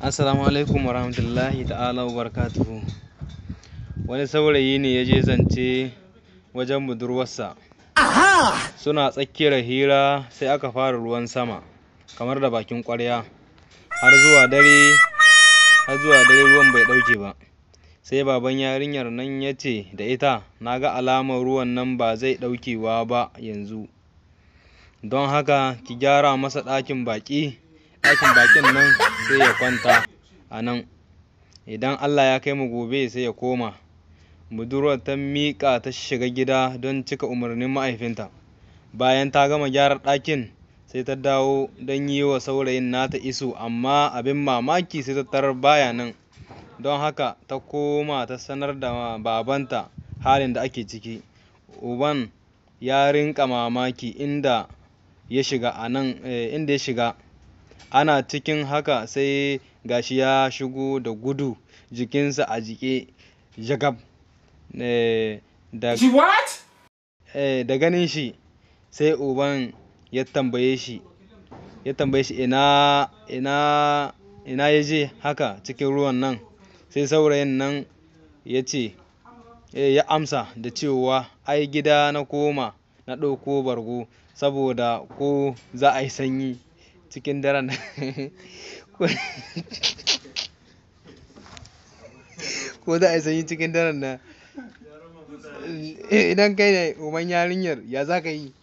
assalamu alaikum warahmatullahi ta'ala wa barakatuhu wani saurayi ne ya je zance wajen budurwarsa suna tsakiyar hira sai aka fara ruwan sama kamar da bakin ƙwarya. har zuwa dare har zuwa dare ruwan bai dauke ba sai baban yarinyar nan ya ce da ita na ga alamar ruwan nan ba zai daukewa ba yanzu don haka ki gyara masa ɗakin baƙi ɗakin bakin nan sai ya kwanta a nan idan allah ya kai mu gobe sai ya koma budurwar ta miƙa ta shiga gida don cika umarnin mahaifinta bayan ta gama gyara ɗakin sai ta dawo don yi wa saurayin nata iso amma abin mamaki sai ta tarar baya nan don haka ta koma ta sanar da babanta halin da ake ciki uban ya rinka mamaki inda ya shiga eh, Ana cikin haka sai gashi ya shigo da gudu jikinsa a jike jagab. Eh, eh, da ganin shi sai uban ya tambaye shi ya tambaye shi ina ina ina ya je haka cikin ruwan nan sai saurayin nan ya ce eh, ya amsa da cewa ai gida na koma na ɗauko bargo saboda ko za a yi sanyi. cikin daren ko za a yi sanyi cikin daren na eh, idan kai ne umar yarinyar ya za ka yi